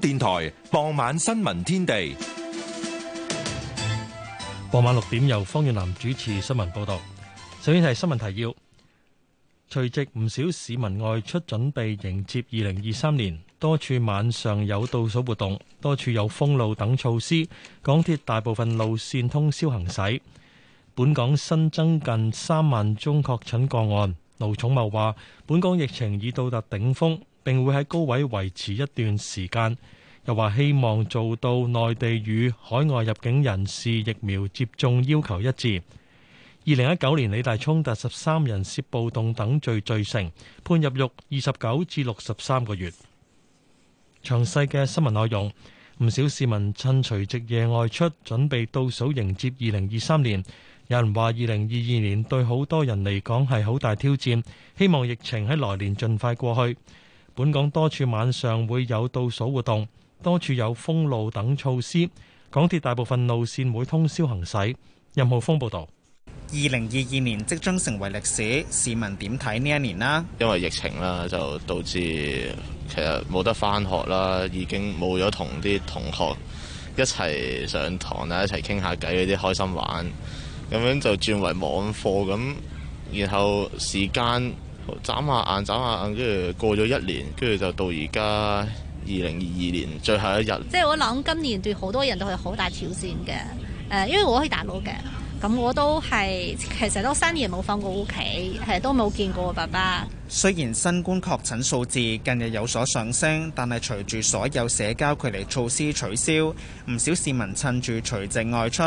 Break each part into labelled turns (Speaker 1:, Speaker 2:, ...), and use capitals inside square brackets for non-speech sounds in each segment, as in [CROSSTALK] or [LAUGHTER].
Speaker 1: 電台傍晚新聞天地，傍晚六點由方月南主持新聞報道。首先係新聞提要：隨即唔少市民外出準備迎接二零二三年，多處晚上有倒數活動，多處有封路等措施。港鐵大部分路線通宵行駛。本港新增近三萬宗確診個案，盧寵茂話：本港疫情已到達頂峰。並會喺高位維持一段時間。又話希望做到內地與海外入境人士疫苗接種要求一致。二零一九年，理大衝突十三人涉暴動等罪罪成，判入獄二十九至六十三個月。詳細嘅新聞內容，唔少市民趁除夕夜外出，準備倒數迎接二零二三年。有人話二零二二年對好多人嚟講係好大挑戰，希望疫情喺來年盡快過去。本港多處晚上會有倒數活動，多處有封路等措施。港鐵大部分路綫會通宵行駛。任浩峰報道：
Speaker 2: 二零二二年即將成為歷
Speaker 3: 史，市民點睇呢一年啦？因為疫情啦，就導致其實冇得返學啦，已經冇咗同啲同學一齊上堂啦，一齊傾下偈嗰啲開心玩，咁樣就轉為網課咁，然後時間。眨下眼，眨下眼，跟住過咗一年，跟住就到而家二零二二年最後一日。即
Speaker 4: 係我諗，今年對好多人都係好大挑戰嘅。誒，因為我係大陸嘅，咁我都係其實都三年冇返過屋企，係都冇見過我爸爸。
Speaker 2: 雖然新冠確診數字近日有所上升，但係隨住所有社交距離措施取消，唔少市民趁住除夕外出，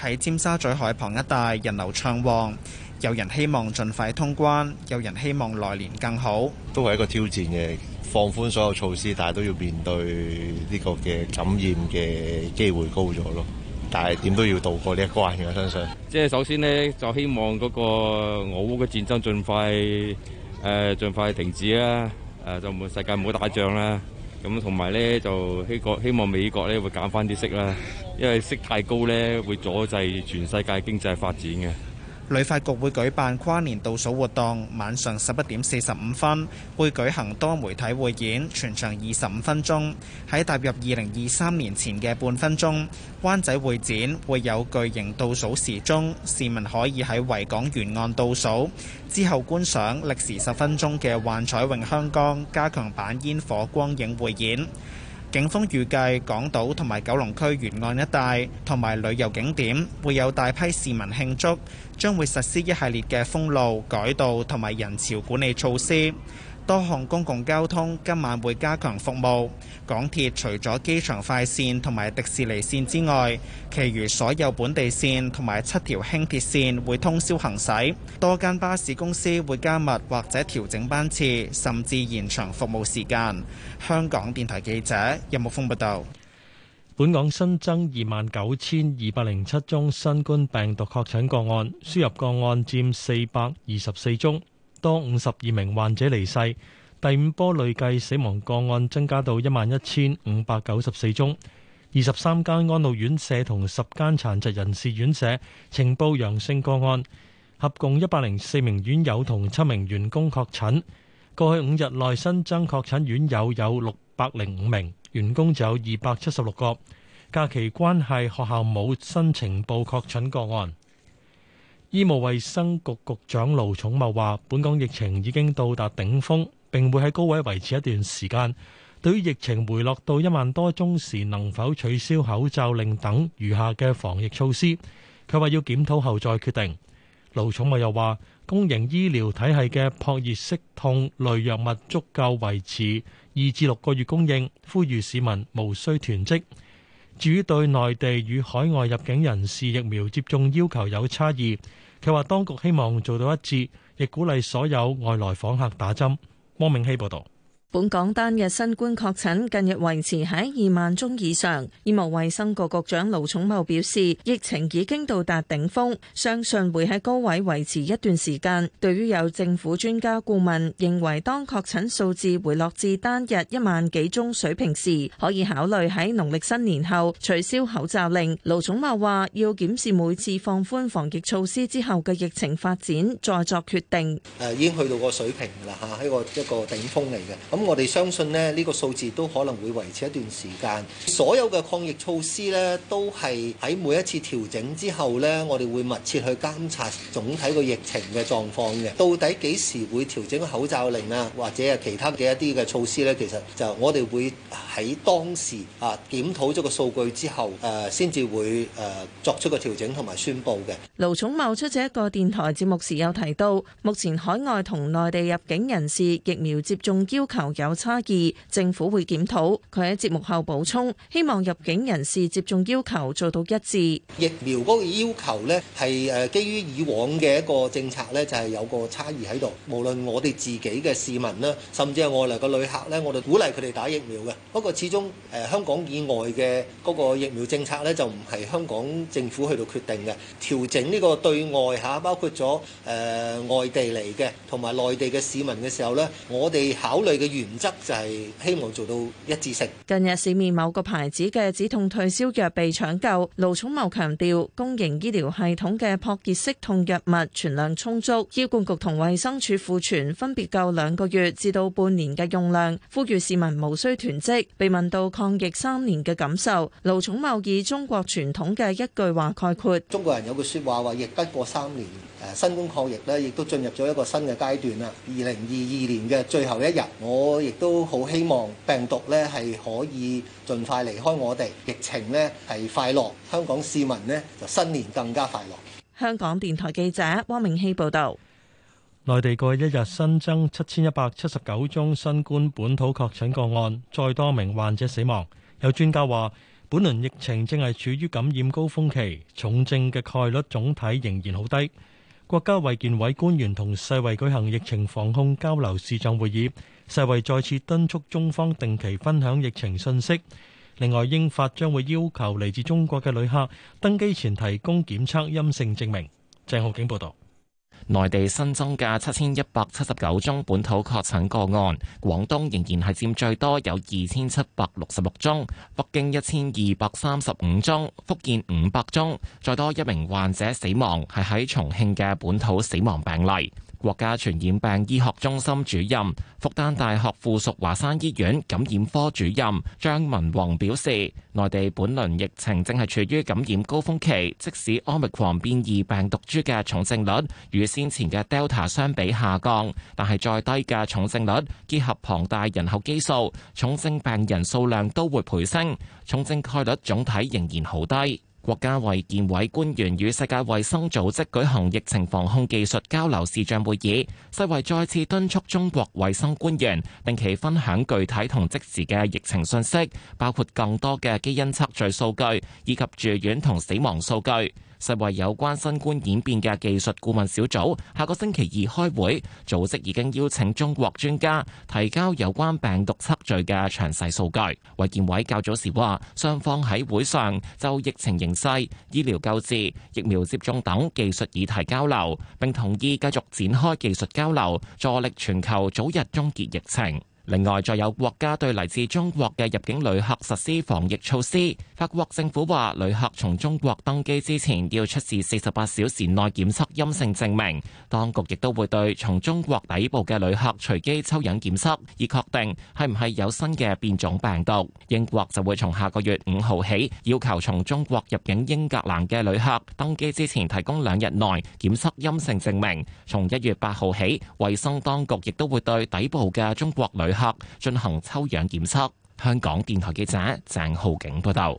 Speaker 2: 喺尖沙咀海旁一帶人流暢旺。有人希望盡快通關，有人希望來年
Speaker 5: 更好，都係一個挑戰嘅。放寬所有措施，但係都要面對呢個嘅感染嘅機會高咗咯。但係點都要渡過呢一關嘅，我相信。
Speaker 1: 即係首先咧，就希望嗰個俄烏嘅戰爭盡快誒盡快停止啦。誒就唔會世界唔好打仗啦。咁同埋咧就希國希望美國咧會減翻啲息啦，因為息太高咧會阻滯全世界經濟發展嘅。
Speaker 2: 旅發局會舉辦跨年倒數活動，晚上十一點四十五分會舉行多媒體匯演，全長二十五分鐘。喺踏入二零二三年前嘅半分鐘，灣仔會展會有巨型倒數時鐘，市民可以喺維港沿岸倒數之後觀賞歷時十分鐘嘅幻彩詠香江加強版煙火光影匯演。警方預計港島同埋九龍區沿岸一帶同埋旅遊景點會有大批市民慶祝，將會實施一系列嘅封路、改道同埋人潮管理措施。多項公共交通今晚會加強服務，港鐵除咗機場快線同埋迪士尼線之外，其餘所有本地線同埋七條輕鐵線會通宵行駛。多間巴士公司會加密或者調整班次，甚至延長服務時間。香港電台記者任木風報道。
Speaker 1: 本港新增二萬九千二百零七宗新冠病毒確診個案，輸入個案佔四百二十四宗。多五十二名患者離世，第五波累計死亡個案增加到一萬一千五百九十四宗。二十三間安老院舍同十間殘疾人士院舍呈報陽性個案，合共一百零四名院友同七名員工確診。過去五日內新增確診院友有六百零五名，員工就有二百七十六個。假期關係學校冇新呈報確診個案。醫務衛生局局長盧寵茂話，本港疫情已經到達頂峰，並會喺高位維持一段時間。對於疫情回落到一萬多宗時能否取消口罩令等餘下嘅防疫措施，佢話要檢討後再決定。盧寵茂又話，公營醫療體系嘅撲熱息痛類藥物足夠維持二至六個月供應，呼籲市民無需囤積。至於對內地與海外入境人士疫苗接種要求有差異。佢話當局希望做到一致，亦鼓勵所有外來訪客打針，汪明希報
Speaker 6: 道。本港單日新冠確診近日維持喺二萬宗以上，醫務衛生局局長盧寵茂表示，疫情已經到達頂峰，相信會喺高位維持一段時間，對於有政府專家顧問認為當確診數字回落至單日一萬幾宗水平時，可以考慮喺農曆新年後取消口罩令。盧寵茂話要檢視每次放寬防疫措施之後嘅疫情發展，再作決定。
Speaker 5: 誒，已經去到個水平啦，吓，係個一個頂峰嚟嘅。我哋相信呢，呢個數字都可能會維持一段時間。所有嘅抗疫措施呢，都係喺每一次調整之後呢，我哋會密切去監察總體個疫情嘅狀況嘅。到底幾時會調整口罩令啊，或者係其他嘅一啲嘅措施呢，其實就我哋會喺當時啊檢討咗個數據之後誒先至會誒、呃、作出個調整同埋宣布嘅。
Speaker 6: 盧寵茂出席一個電台節目時有提到目前海外同內地入境人士疫苗接種要求。有差異，政府會檢討。佢喺節目後補充，希望入境人士接種要求做到一致。
Speaker 5: 疫苗嗰個要求呢，係誒基於以往嘅一個政策呢，就係有個差異喺度。無論我哋自己嘅市民啦，甚至係外來嘅旅客呢，我哋鼓勵佢哋打疫苗嘅。不過始終誒香港以外嘅嗰個疫苗政策呢，就唔係香港政府去到決定嘅。調整呢個對外吓，包括咗誒、呃、外地嚟嘅同埋內地嘅市民嘅時候呢，我哋考慮嘅原。原則就係希望做到一致性。
Speaker 6: 近日市面某個牌子嘅止痛退燒藥被搶購。盧寵茂強調，公營醫療系統嘅撲熱息痛藥物存量充足，醫管局同衛生署庫存分別夠兩個月至到半年嘅用量，呼籲市民無需囤積。被問到抗疫三年嘅感受，盧寵茂以中國傳統嘅一句話概括：中
Speaker 5: 國人有句説話話，疫不過三年。誒新冠抗疫呢亦都進入咗一個新嘅階段啦。二零二二年嘅最後一日，我亦都好希望病毒呢係可以盡快離開我哋，疫情呢係快樂，香港市民呢就新年更加快樂。
Speaker 6: 香港電台記者汪明熙報道，
Speaker 1: 內地過去一日新增七千一百七十九宗新冠本土確診個案，再多名患者死亡。有專家話，本輪疫情正係處於感染高峰期，重症嘅概率總體仍然好低。國家衛健委官員同世衛舉行疫情防控交流視像會議，世衛再次敦促中方定期分享疫情信息。另外，英法將會要求嚟自中國嘅旅客登機前提供檢測陰性證明。鄭浩景報道。
Speaker 3: 內地新增嘅七千一百七十九宗本土確診個案，廣東仍然係占最多，有二千七百六十六宗，北京一千二百三十五宗，福建五百宗。再多一名患者死亡，係喺重慶嘅本土死亡病例。國家傳染病醫學中心主任、復旦大學附屬華山醫院感染科主任張文宏表示：內地本輪疫情正係處於感染高峰期，即使奧密克戎變異病毒株嘅重症率與先前嘅 Delta 相比下降，但係再低嘅重症率，結合龐大人口基數，重症病人數量都會倍升，重症概率總體仍然好低。國家衛健委官員與世界衛生組織舉行疫情防控技術交流視像會議，世衛再次敦促中國衛生官員定期分享具體同即時嘅疫情信息，包括更多嘅基因測序數據以及住院同死亡數據。世衛有關新冠演變嘅技術顧問小組下個星期二開會，組織已經邀請中國專家提交有關病毒測序嘅詳細數據。衛健委較早時話，雙方喺會上就疫情形勢、醫療救治、疫苗接種等技術議題交流，並同意繼續展開技術交流，助力全球早日終結疫情。另外，再有國家對嚟自中國嘅入境旅客實施防疫措施，法國政府話旅客從中國登機之前要出示四十八小時內檢測陰性證明，當局亦都會對從中國抵埗嘅旅客隨機抽樣檢測，以確定係唔係有新嘅變種病毒。英國就會從下個月五號起要求從中國入境英格蘭嘅旅客登機之前提供兩日內檢測陰性證明。從一月八號起，衛生當局亦都會對抵埗嘅中國旅客進行抽樣檢測。香港電台記者鄭浩景報道。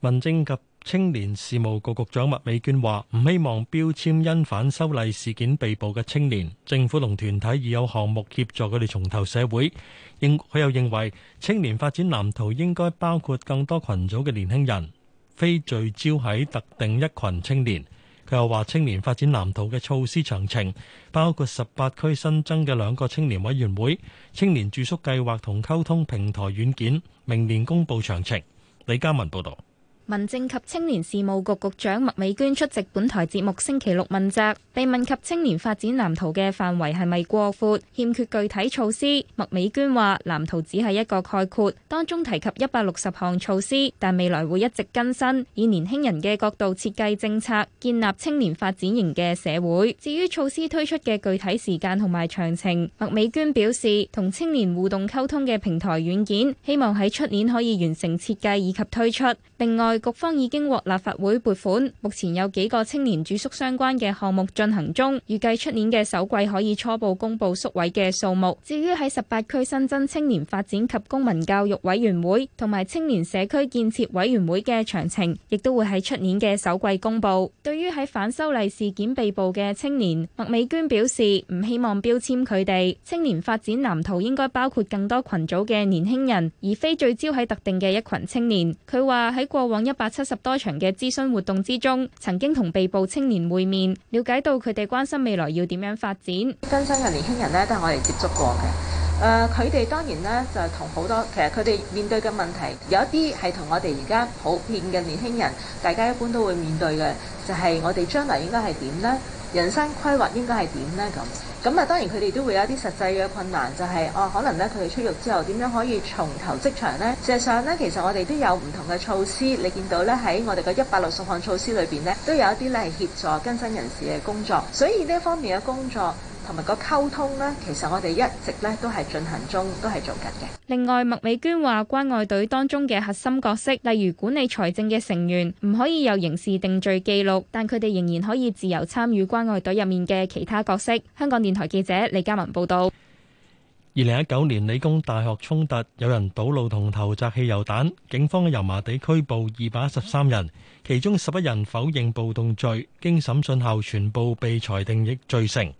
Speaker 1: 民政及青年事務局局長麥美娟話：唔希望標籤因反修例事件被捕嘅青年，政府同團體已有項目協助佢哋重投社會。應佢又認為，青年發展藍圖應該包括更多群組嘅年輕人，非聚焦喺特定一群青年。佢又話青年發展藍圖嘅措施詳情，包括十八區新增嘅兩個青年委員會、青年住宿計劃同溝通平台軟件，明年公布詳情。李嘉文報導。
Speaker 4: 民政及青年事務局局長麥美娟出席本台節目星期六問責，被問及青年發展藍圖嘅範圍係咪過闊，欠缺具體措施。麥美娟話：藍圖只係一個概括，當中提及一百六十項措施，但未來會一直更新，以年輕人嘅角度設計政策，建立青年發展型嘅社會。至於措施推出嘅具體時間同埋詳情，麥美娟表示：同青年互動溝通嘅平台軟件，希望喺出年可以完成設計以及推出。另外，局方已經獲立法會撥款，目前有幾個青年住宿相關嘅項目進行中，預計出年嘅首季可以初步公布宿位嘅數目。至於喺十八區新增青年發展及公民教育委員會同埋青年社區建設委員會嘅詳情，亦都會喺出年嘅首季公布。對於喺反修例事件被捕嘅青年，麥美娟表示唔希望標籤佢哋。青年發展藍圖應該包括更多群組嘅年輕人，而非聚焦喺特定嘅一群青年。佢話喺過往一百七十多場嘅諮詢活動之中，曾經同被捕青年會面，了解到佢哋關心未來要點樣發展。更生嘅年輕人呢都係我哋接觸過嘅。
Speaker 7: 誒、呃，佢哋當然呢就同好多，其實佢哋面對嘅問題，有一啲係同我哋而家普遍嘅年輕人，大家一般都會面對嘅，就係、是、我哋將來應該係點呢？人生規劃應該係點呢？咁。咁啊，當然佢哋都會有一啲實際嘅困難，就係、是、哦、啊，可能咧佢哋出獄之後點樣可以重投職場呢？事實上咧，其實我哋都有唔同嘅措施，你見到咧喺我哋嘅一百六十項措施裏邊咧，都有一啲咧係協助更生人士嘅工作，所以呢方面嘅工作。同埋個溝通呢，其實我哋一直呢都係進行中，都係做緊嘅。
Speaker 4: 另外，麥美娟話：關愛隊當中嘅核心角色，例如管理財政嘅成員，唔可以有刑事定罪記錄，但佢哋仍然可以自由參與關愛隊入面嘅其他角色。香港電台記者李嘉文報道。
Speaker 1: 二零一九年理工大學衝突，有人堵路同投擲汽油彈，警方喺油麻地拘捕二百一十三人，其中十一人否認暴動罪，經審訊後全部被裁定亦罪成。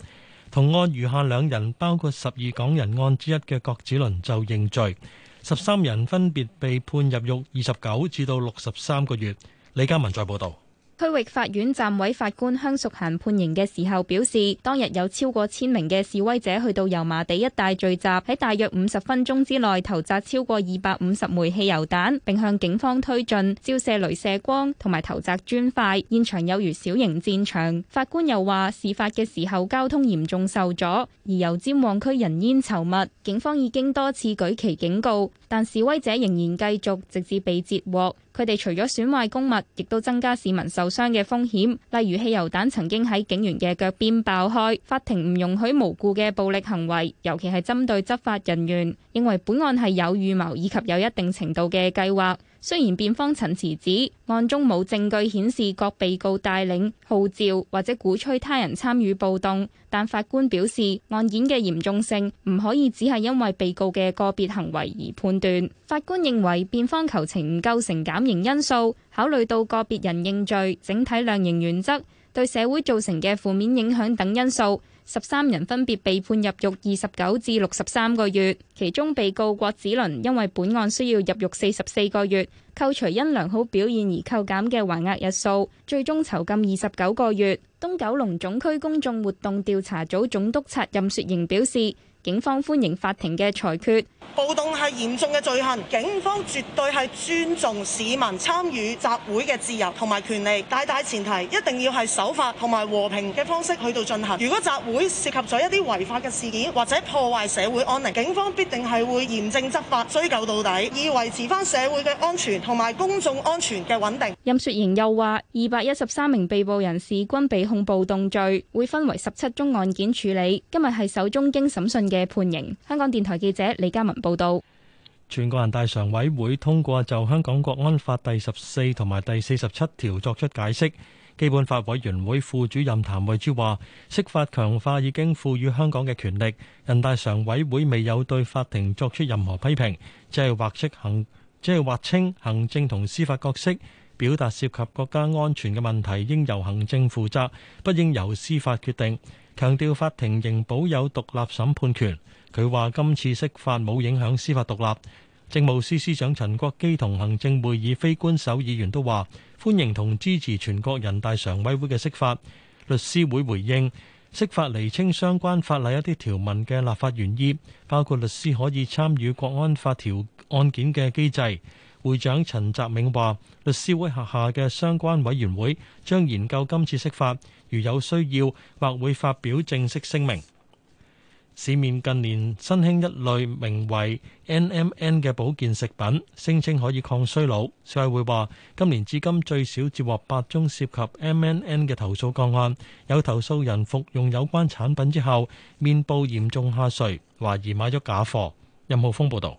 Speaker 1: 同案餘下兩人，包括十二港人案之一嘅郭子麟，就認罪。十三人分別被判入獄二十九至到六十三個月。李家文再報道。
Speaker 4: 區域法院暫委法官香淑嫻判刑嘅時候表示，當日有超過千名嘅示威者去到油麻地一帶聚集，喺大約五十分鐘之內投擲超過二百五十枚汽油彈，並向警方推進，照射雷射光同埋投擲磚塊，現場有如小型戰場。法官又話，事發嘅時候交通嚴重受阻，而油尖旺區人煙稠密，警方已經多次舉旗警告，但示威者仍然繼續，直至被截獲。佢哋除咗損壞公物，亦都增加市民受傷嘅風險，例如汽油彈曾經喺警員嘅腳邊爆開，法庭唔容許無故嘅暴力行為，尤其係針對執法人員，認為本案係有預謀以及有一定程度嘅計劃。雖然辯方陳詞指案中冇證據顯示各被告帶領號召或者鼓吹他人參與暴動，但法官表示案件嘅嚴重性唔可以只係因為被告嘅個別行為而判斷。法官認為辯方求情唔構成減刑因素，考慮到個別人認罪、整體量刑原則、對社會造成嘅負面影響等因素。十三人分別被判入獄二十九至六十三個月，其中被告郭子倫因為本案需要入獄四十四個月，扣除因良好表現而扣減嘅還押日數，最終囚禁二十九個月。東九龍總區公眾活動調查組總督察任雪瑩表示。警方歡迎法庭嘅裁
Speaker 3: 決。暴動係嚴重嘅罪行，警方絕對係尊重市民參與集會嘅自由同埋權利，大大前提一定要係守法同埋和平嘅方式去到進行。如果集會涉及咗一啲違法嘅事件或者破壞社會安寧，警方必定係會嚴正執法，追究到底，以維持返社會嘅安全同埋公眾安
Speaker 4: 全嘅穩定。任雪瑩又話，二百一十三名被捕人士均被控暴動罪，會分為十七宗案件處理。今日係首宗經審訊嘅判刑。香港電台記者李嘉文報道，
Speaker 1: 全國人大常委會通過就香港國安法第十四同埋第四十七條作出解釋。基本法委員會副主任譚惠珠話：釋法強化已經賦予香港嘅權力。人大常委會未有對法庭作出任何批評，即係劃清行，即係劃清行政同司法角色，表達涉及國家安全嘅問題應由行政負責，不應由司法決定。強調法庭仍保有獨立審判權。佢話今次釋法冇影響司法獨立。政務司司長陳國基同行政會議非官守議員都話歡迎同支持全國人大常委會嘅釋法。律師會回應釋法釐清相關法例一啲條文嘅立法原意，包括律師可以參與國安法條案件嘅機制。會長陳澤銘話，律師會轄下嘅相關委員會將研究今次釋法，如有需要，或會發表正式聲明。市面近年新興一類名為 NMN 嘅保健食品，聲稱可以抗衰老。消委會話，今年至今最少接獲八宗涉及 MNN 嘅投訴個案，有投訴人服用有關產品之後，面部嚴重下垂，懷疑買咗假貨。任浩峰報道。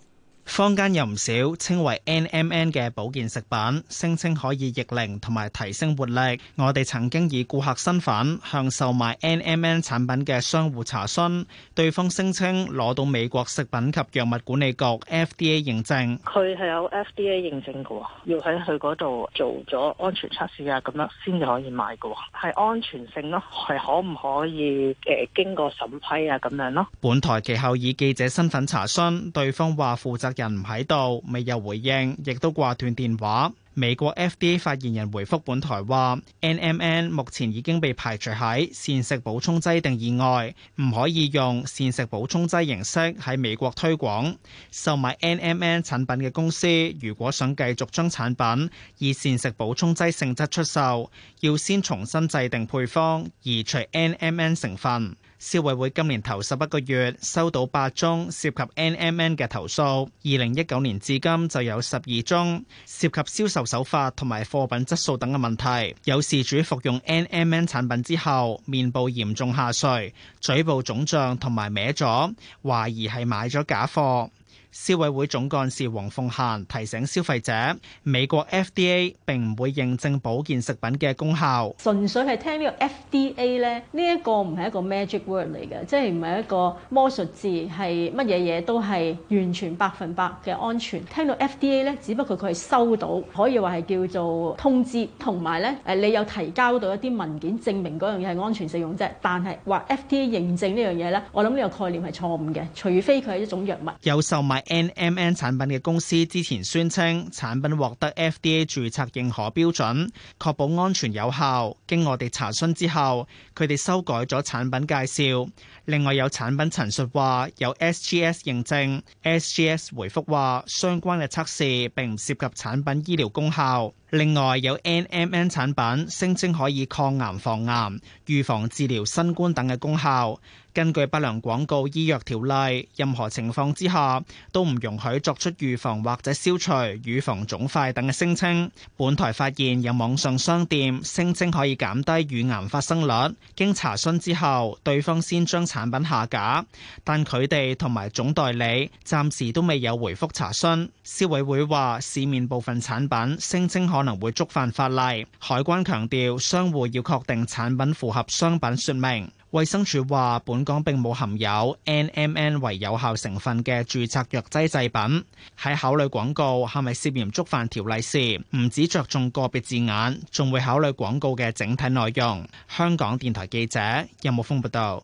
Speaker 2: 坊間有唔少稱為 NMN 嘅保健食品，聲稱可以逆齡同埋提升活力。我哋曾經以顧客身份向售賣 NMN 產品嘅商戶查詢，對方聲稱攞到美國食品及藥物管理局 FDA 認證。
Speaker 6: 佢係有 FDA 認證嘅喎，要喺佢嗰度
Speaker 2: 做咗安全測試啊，咁樣先就可以賣嘅喎。係安全性咯，係可唔可以誒、呃、經過審批啊，咁樣咯。本台其後以記者身份查詢，對方話負責人唔喺度，未有回應，亦都掛斷電話。美國 FDA 發言人回覆本台話：NMN 目前已經被排除喺膳食補充劑定義外，唔可以用膳食補充劑形式喺美國推廣。售賣 NMN 產品嘅公司，如果想繼續將產品以膳食補充劑性質出售，要先重新制定配方，移除 NMN 成分。消委會今年頭十一個月收到八宗涉及 NMN 嘅投訴，二零一九年至今就有十二宗涉及銷售手法同埋貨品質素等嘅問題。有事主服用 NMN 產品之後，面部嚴重下垂、嘴部腫脹同埋歪咗，懷疑係買咗假貨。消委會總幹事黃鳳嫻提醒消費者，美國 FDA 並唔會認證保健食品嘅功效。
Speaker 7: 純粹係聽呢個
Speaker 6: FDA 咧，呢
Speaker 7: 一個唔係一個 magic word 嚟嘅，即係唔係一個魔術字，係乜嘢嘢都係完全百分百嘅安全。聽到 FDA 咧，只不過佢係收到，可以話係叫做通知，同埋咧誒，你有提交到一啲文件證明嗰樣嘢係安全食用啫。但係話 FDA 認證呢樣嘢咧，我諗呢個概念係錯誤嘅，除非佢係一種藥物
Speaker 2: 有受。同埋 NMN 產品嘅公司之前宣稱產品獲得 FDA 註冊認可標準，確保安全有效。經我哋查詢之後，佢哋修改咗產品介紹。另外有產品陳述話有 SGS 認證，SGS 回覆話相關嘅測試並唔涉及產品醫療功效。另外有 NMN 產品聲稱可以抗癌、防癌、預防、治療新冠等嘅功效。根據不良廣告醫藥條例，任何情況之下都唔容許作出預防或者消除乳房腫塊等嘅聲稱。本台發現有網上商店聲稱可以減低乳癌發生率，經查詢之後，對方先將產品下架，但佢哋同埋總代理暫時都未有回覆查詢。消委會話，市面部分產品聲稱可能會觸犯法例。海關強調，商戶要確定產品符合商品説明。衛生署話，本港並冇含有 N-M-N 為有效成分嘅註冊藥劑製品。喺考慮廣告係咪涉嫌觸犯條例時，唔止着重個別字眼，仲會考慮廣告嘅整體內容。香港電台記者
Speaker 1: 任木峰報道。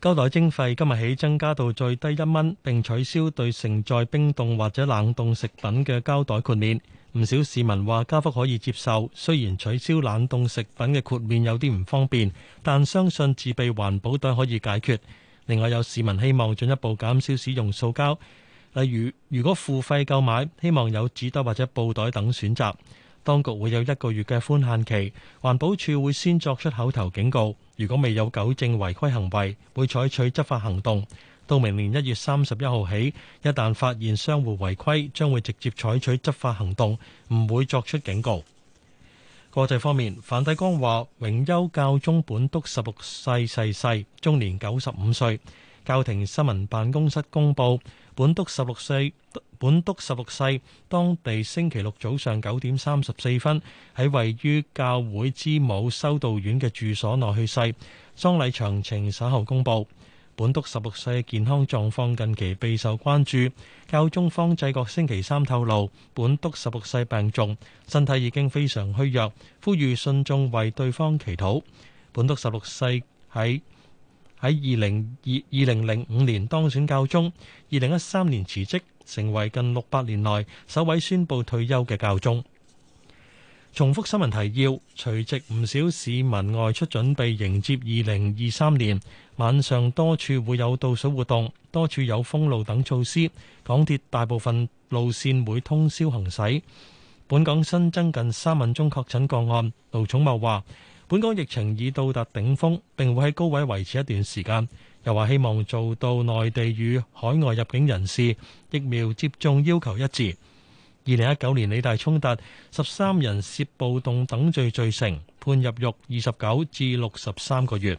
Speaker 1: 膠袋徵費今日起增加到最低一蚊，並取消對盛載冰凍或者冷凍食品嘅膠袋豁免。唔少市民話加幅可以接受，雖然取消冷凍食品嘅豁免有啲唔方便，但相信自備環保袋可以解決。另外有市民希望進一步減少使用塑膠，例如如果付費購買，希望有紙袋或者布袋等選擇。當局會有一個月嘅寬限期，環保署會先作出口頭警告，如果未有糾正違規行為，會採取執法行動。到明年一月三十一號起，一旦發現商戶違規，將會直接採取執法行動，唔會作出警告。國際方面，梵蒂岡話，榮休教宗本篤十六世逝世，世，世，終年九十五歲。教廷新聞辦公室公布，本篤十六世本篤十六世當地星期六早上九點三十四分喺位於教會之母修道院嘅住所內去世，喪禮詳情稍後公布。本篤十六世健康狀況近期備受關注，教宗方濟各星期三透露，本篤十六世病重，身體已經非常虛弱，呼籲信眾為對方祈禱。本篤十六世喺喺二零二二零零五年當選教宗，二零一三年辭職，成為近六百年來首位宣布退休嘅教宗。重複新聞提要：除夕唔少市民外出準備迎接二零二三年，晚上多處會有倒數活動，多處有封路等措施。港鐵大部分路線會通宵行駛。本港新增近三萬宗確診個案，盧寵茂話：本港疫情已到達頂峰，並會喺高位維持一段時間。又話希望做到內地與海外入境人士疫苗接種要求一致。二零一九年理大衝突十三人涉暴動等罪罪成，判入獄二十九至六十三個月。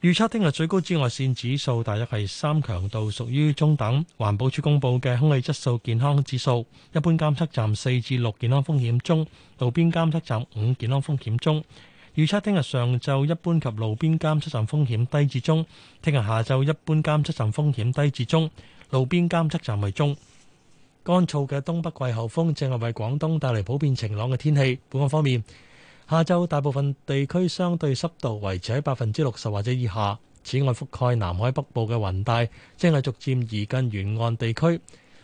Speaker 1: 預測聽日最高紫外線指數大約係三強度，屬於中等。環保署公布嘅空氣質素健康指數，一般監測站四至六，健康風險中；路邊監測站五，健康風險中。預測聽日上晝一般及路邊監測站風險低至中，聽日下晝一般監測站風險低至中，路邊監測站為中。乾燥嘅東北季候風正係為廣東帶嚟普遍晴朗嘅天氣，本港方面，下晝大部分地區相對濕度維持喺百分之六十或者以下。此外，覆蓋南海北部嘅雲帶正係逐漸移近沿岸地區，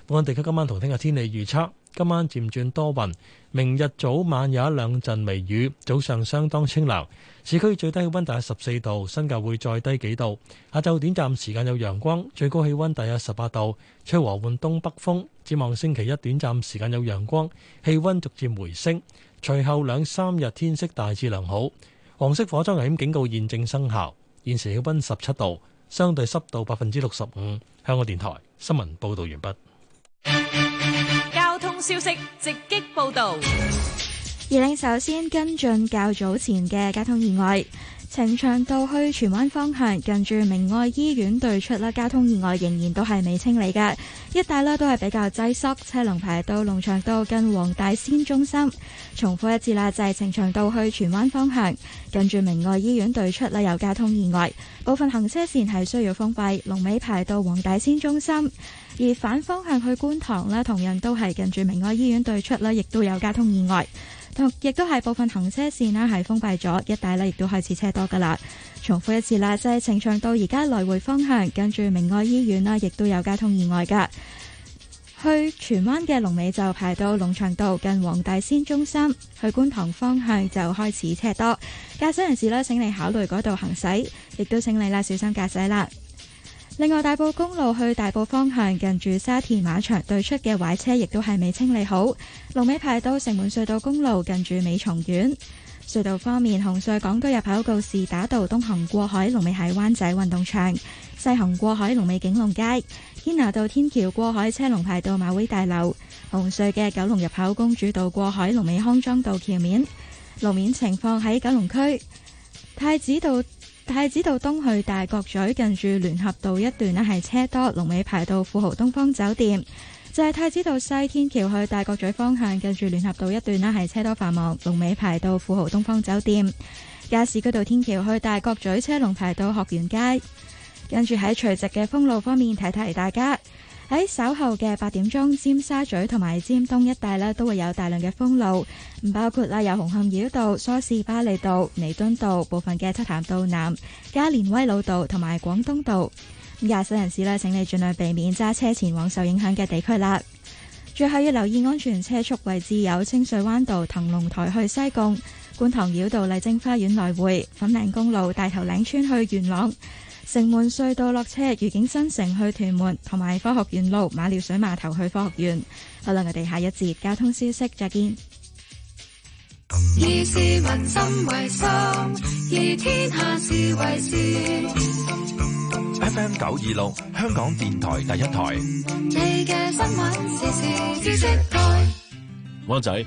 Speaker 1: 本港地區今晚同聽日天氣預測。今晚漸轉多雲，明日早晚有一兩陣微雨，早上相當清涼。市區最低嘅溫度十四度，新界會再低幾度。下晝短暫時間有陽光，最高氣溫大約十八度，吹和緩東北風。展望星期一短暫時間有陽光，氣溫逐漸回升，隨後兩三日天色大致良好。黃色火災危險警告現正生效，現時氣溫十七度，相對濕度百分之六十五。香港電台新聞報導完畢。 [MUSIC]
Speaker 6: 消息直擊報道，
Speaker 7: 而令首先跟進較早前嘅交通意外。呈祥道去荃灣方向，近住明愛醫院對出啦，交通意外仍然都係未清理嘅，一帶啦都係比較擠塞，車龍排到龍翔道近黃大仙中心。重複一次啦，就係呈祥道去荃灣方向，近住明愛醫院對出啦，有交通意外，部分行車線係需要封閉，龍尾排到黃大仙中心。而反方向去觀塘啦，同樣都係近住明愛醫院對出啦，亦都有交通意外。亦都係部分行車線啦、啊，係封閉咗一帶咧，亦都開始車多噶啦。重複一次啦，即係呈祥道而家來回方向，跟住明愛醫院啦，亦都有交通意外噶。去荃灣嘅龍尾就排到龍翔道近黃大仙中心，去觀塘方向就開始車多，駕駛人士呢，請你考慮嗰度行駛，亦都請你啦小心駕駛啦。另外，大埔公路去大埔方向，近住沙田馬場對出嘅壞車亦都係未清理好。龍尾排到城門隧道公路，近住美松苑。隧道方面，紅隧港島入口，告士打道東行過海龍尾喺灣仔運動場，西行過海龍尾，景隆街。堅拿道天橋過海車龍排到馬會大樓。紅隧嘅九龍入口，公主道過海龍尾，康莊道橋面。路面情況喺九龍區太子道。太子道東去大角咀，近住聯合道一段咧，係車多，龍尾排到富豪東方酒店。就係、是、太子道西天橋去大角咀方向，近住聯合道一段咧，係車多繁忙，龍尾排到富豪東方酒店。加士居道天橋去大角咀，車龍排到學園街。跟住喺垂直嘅封路方面，提提大家。喺稍後嘅八點鐘，尖沙咀同埋尖東一帶呢都會有大量嘅封路，唔包括啦，由紅磡繞道、梳士巴利道、彌敦道、部分嘅漆咸道南、加連威老道同埋廣東道。咁駕駛人士呢，請你盡量避免揸車前往受影響嘅地區啦。最後要留意安全車速位置有清水灣道、騰龍台去西貢、觀塘繞道、麗晶花園來回、粉嶺公路、大頭嶺村去元朗。城門隧道落車，愉景新城去屯門，同埋科學園路馬料水碼頭去科學園。好啦，我哋下一節交通消息再見。以市民心為心，以天下事
Speaker 1: 為事。FM 九二六，香港電台
Speaker 3: 第一台。
Speaker 7: 你嘅新聞時事知識台。
Speaker 3: 汪仔。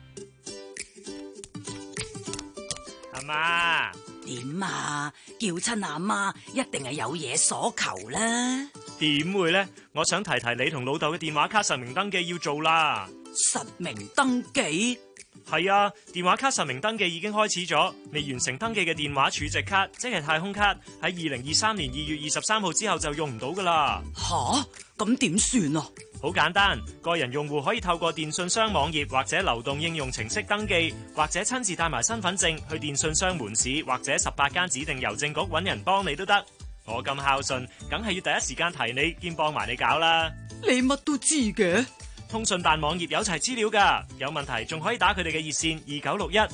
Speaker 6: 啊，點媽啊？叫親阿媽，一定係有嘢所求啦。
Speaker 1: 點會呢？我想提提你同老豆嘅電話卡實名登記要做啦。實名登記？係啊，電話卡實名登記已經開始咗，未完成登記嘅電話儲值卡即係太空卡，喺二零二三年二月二十三號之後就用唔到噶啦。吓，咁點算啊？好簡
Speaker 3: 單，個人用戶可以透過電信商網頁或者流動應用程式登記，或者親自帶埋身份證去電信商門市或者十八間指定郵政局揾人幫你都得。
Speaker 1: 我咁孝順，梗係要第一時間提你，兼幫埋你搞啦。
Speaker 6: 你乜都知
Speaker 7: 嘅？
Speaker 1: 通訊辦網頁有齊資料㗎，有問題仲可以打佢哋嘅熱線二九六一。